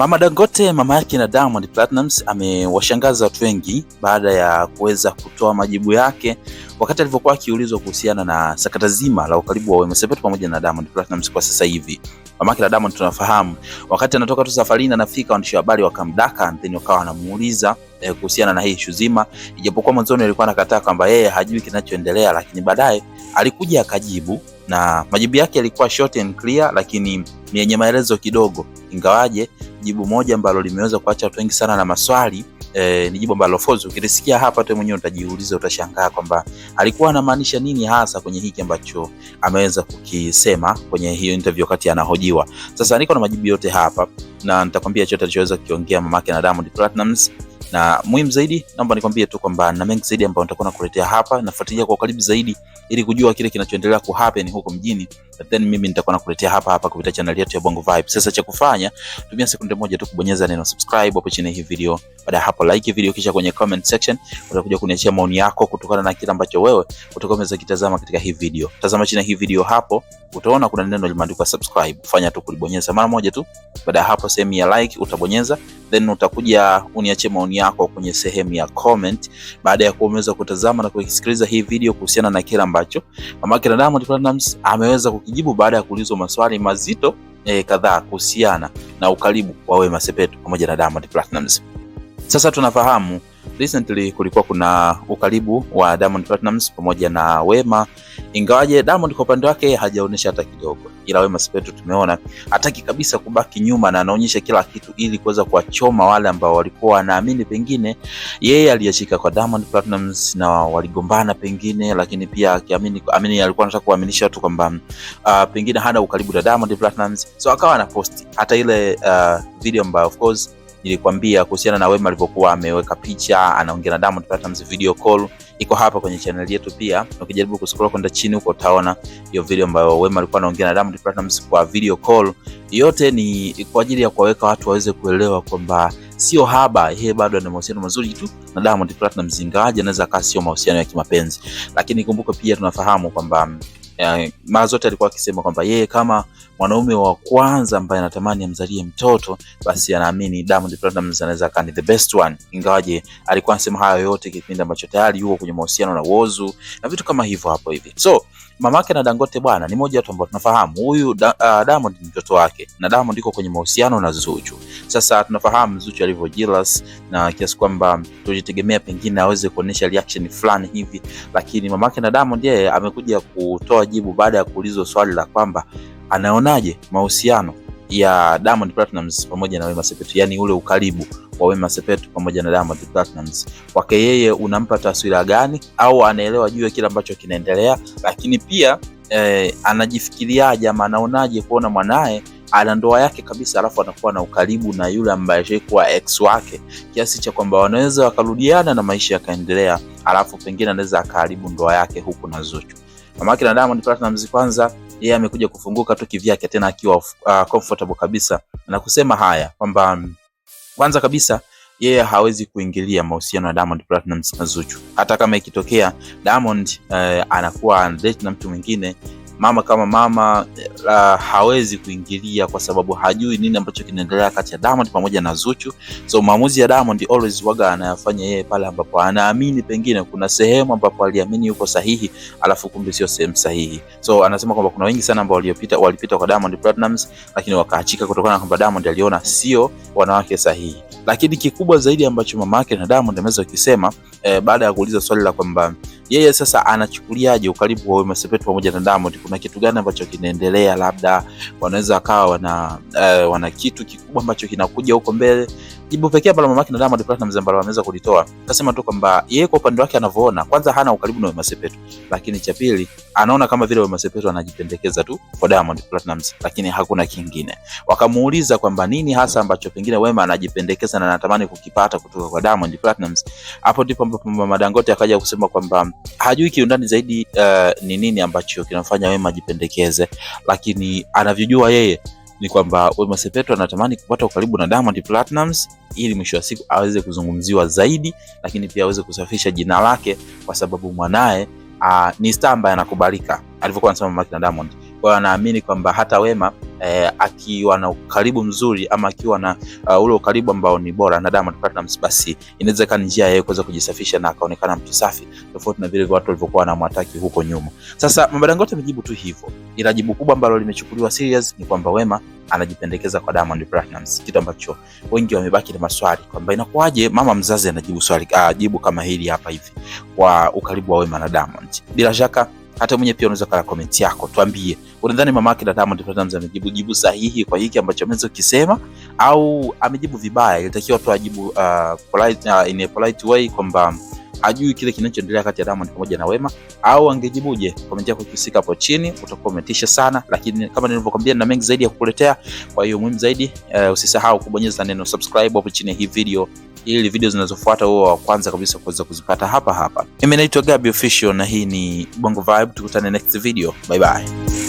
Mama Dangote mama yake na Diamond Platnumz amewashangaza watu wengi baada ya kuweza kutoa majibu yake wakati alivyokuwa akiulizwa kuhusiana na sakata zima la ukaribu wa Wema Sepetu pamoja na Diamond Platnumz kwa sasa hivi. Mama yake na Diamond tunafahamu, wakati anatoka tu safarini anafika, waandishi wa habari wakamdaka, then wakawa wanamuuliza eh, kuhusiana na hii ishu zima, ijapokuwa mwanzoni alikuwa anakataa kwamba yeye eh, hajui kinachoendelea, lakini baadaye alikuja akajibu na majibu yake yalikuwa short and clear, lakini ni yenye maelezo kidogo ingawaje jibu moja ambalo limeweza kuacha watu wengi sana na maswali e, ni jibu ambalo fozi ukilisikia hapa tu mwenyewe utajiuliza, utashangaa kwamba alikuwa anamaanisha nini hasa kwenye hiki ambacho ameweza kukisema kwenye hiyo interview wakati anahojiwa. Sasa niko na majibu yote hapa na nitakwambia chote alichoweza kukiongea mamake na Diamond Platnumz na muhimu zaidi, naomba nikwambie tu kwamba na mengi zaidi ambayo nitakuwa nakuletea hapa. Nafuatilia kwa karibu zaidi ili kujua kile kinachoendelea ku happen huko mjini, then mimi nitakuwa nakuletea hapa hapa kupitia channel yetu ya Bongo Vibe. Sasa cha kufanya, tumia sekunde moja tu kubonyeza neno subscribe hapo chini hii video. Baada ya hapo, like video, kisha kwenye comment section utakuja kuniachia maoni yako kutokana na kile ambacho wewe utakuwa kitazama katika hii video. Tazama chini hii video hapo, utaona kuna neno limeandikwa subscribe, fanya tu kulibonyeza mara moja tu. Baada ya hapo, sehemu ya like utabonyeza, then utakuja uniachie maoni yako kwenye sehemu ya comment, baada ya kuwa umeweza kutazama na kusikiliza hii video kuhusiana na kile ambacho mama yake Diamond Platnumz ameweza kukijibu baada ya kuulizwa maswali mazito eh, kadhaa kuhusiana na ukaribu wa Wema Sepetu pamoja na Diamond Platnumz. Sasa tunafahamu recently kulikuwa kuna ukaribu wa Diamond Platnumz pamoja na Wema, ingawaje Diamond kwa upande wake hajaonyesha hata kidogo, ila Wema Sepetu tumeona hataki kabisa kubaki nyuma na anaonyesha kila kitu ili kuweza kuwachoma wale ambao walikuwa wanaamini pengine yeye aliyeshika kwa Diamond Platnumz na waligombana pengine, lakini pia akiamini amini alikuwa anataka kuaminisha watu kwamba uh, pengine hana ukaribu na Diamond Platnumz, so akawa anaposti hata ile uh, video ambayo of course nilikwambia kuhusiana na Wema alivyokuwa ameweka picha anaongea na Diamond Platnumz video call, iko hapa kwenye channel yetu pia. Ukijaribu kuscroll kwenda chini huko utaona hiyo video ambayo Wema alikuwa anaongea na Diamond Platnumz kwa video call. Yote ni kwa ajili ya kuwaweka watu waweze kuelewa kwamba sio haba, yeye bado ana mahusiano mazuri tu na Diamond Platnumz, ingawaje anaweza kaa sio mahusiano ya kimapenzi, lakini kumbuka pia tunafahamu kwamba Eh, mara zote alikuwa akisema kwamba yeye kama mwanaume wa kwanza ambaye anatamani amzalie mtoto basi anaamini Diamond Platnumz anaweza akawa ni the best one, ingawaje alikuwa anasema hayo yote kipindi ambacho tayari yuko kwenye mahusiano na Whozu na vitu kama hivyo hapo hivi so mamake na Dangote bwana ni moja watu ambao tunafahamu huyu da, uh, Diamond ni mtoto wake na Diamond iko kwenye mahusiano na Zuchu. Sasa tunafahamu Zuchu alivyo jealous na kiasi kwamba tujitegemea pengine aweze kuonesha reaction fulani hivi, lakini mamake na Diamond yeye amekuja kutoa jibu baada ya kuulizwa swali la kwamba anaonaje mahusiano ya Diamond Platnumz pamoja na Wema Sepetu, yani ule ukaribu wa Wema Sepetu pamoja na Diamond Platnumz kwake yeye unampa taswira gani, au anaelewa juu ya kile ambacho kinaendelea? Lakini pia eh, anajifikiriaje ama anaonaje kuona mwanaye ana ndoa yake kabisa, alafu anakuwa na ukaribu na yule ambaye alikuwa ex wake, kiasi cha kwamba wanaweza wakarudiana na maisha yakaendelea, alafu pengine anaweza akaharibu ndoa yake huku na Zuchu. Mama yake na Diamond Platnumz kwanza yeye amekuja kufunguka tu kivyake, tena akiwa uh, comfortable kabisa na kusema haya kwamba mm, kwanza kabisa yeye yeah, hawezi kuingilia mahusiano ya Diamond Platinum na Zuchu. Hata kama ikitokea Diamond uh, anakuwa anadate na mtu mwingine mama kama mama uh, hawezi kuingilia kwa sababu hajui nini ambacho kinaendelea kati ya Diamond pamoja na Zuchu. So maamuzi ya Diamond always waga anayafanya yeye pale ambapo anaamini pengine kuna sehemu ambapo aliamini yuko sahihi, alafu kumbe sio sehemu sahihi. So anasema kwamba kuna wengi sana ambao waliopita walipita kwa Diamond Platinums, lakini wakaachika kutokana na kwamba Diamond aliona sio wanawake sahihi. Lakini kikubwa zaidi ambacho mama yake na Diamond ameweza kusema eh, baada ya kuuliza swali la kwamba yeye sasa anachukuliaje ukaribu wa Wema Sepetu pamoja na Diamond? Kuna kitu gani ambacho kinaendelea? Labda wanaweza wakawa wana, uh, wana kitu kikubwa ambacho kinakuja huko mbele Jibu pekee ambalo mamake na Diamond Platnumz ambalo ameweza kulitoa akasema tu kwamba yeye kwa upande wake anavyoona, kwanza hana ukaribu na Wema Sepetu, lakini cha pili anaona kama vile Wema Sepetu anajipendekeza tu kwa Diamond Platnumz, lakini hakuna kingine. Wakamuuliza kwamba nini hasa ambacho pengine Wema anajipendekeza na anatamani kukipata kutoka kwa Diamond Platnumz. Hapo ndipo ambapo Mama Dangote akaja kusema kwamba hajui kiundani zaidi eh, ni uh, nini ambacho kinamfanya Wema ajipendekeze, lakini anavyojua yeye ni kwamba Wema Sepetu anatamani kupata ukaribu na Diamond Platnumz ili mwisho wa siku aweze kuzungumziwa zaidi, lakini pia aweze kusafisha jina lake, kwa sababu mwanaye ah, ni star ambaye anakubalika, alivyokuwa anasema mama na Diamond. Kwa hiyo anaamini kwamba hata Wema eh, akiwa na ukaribu mzuri ama akiwa na uh, ule ukaribu ambao ni bora na Diamond Platnumz, basi inaweza kana njia yeye kuweza kujisafisha na akaonekana mtu safi, tofauti na vile watu walivyokuwa wanamwataki huko nyuma. Sasa Dangote amejibu tu hivyo, ila jibu kubwa ambalo limechukuliwa serious ni kwamba Wema anajipendekeza kwa Diamond Platnumz, kitu ambacho wengi wamebaki na maswali kwamba inakuwaje mama mzazi anajibu swali, ah, jibu kama hili hapa hivi kwa ukaribu wa Wema na Diamond. Bila shaka hata mwenye pia unaweza kala comment yako, tuambie unadhani mama yake Diamond Platnumz amejibu jibu sahihi kwa hiki ambacho ameweza kukisema, au amejibu vibaya? Ilitakiwa tu ajibu uh, polite, uh, in a polite way kwamba ajui kile kinachoendelea kati ya Diamond pamoja na Wema au angejibuje? Comment yako ikifika hapo chini utakuwa umetisha sana, lakini kama nilivyokuambia, na mengi zaidi ya kukuletea. Kwa hiyo muhimu zaidi, uh, usisahau kubonyeza neno subscribe hapo chini ya hii video ili video zinazofuata huo wa kwanza kabisa kuweza kuzipata hapa hapa. Mimi naitwa Gabi Official na hii ni Bongo Vibe, tukutane next video. Bye bye.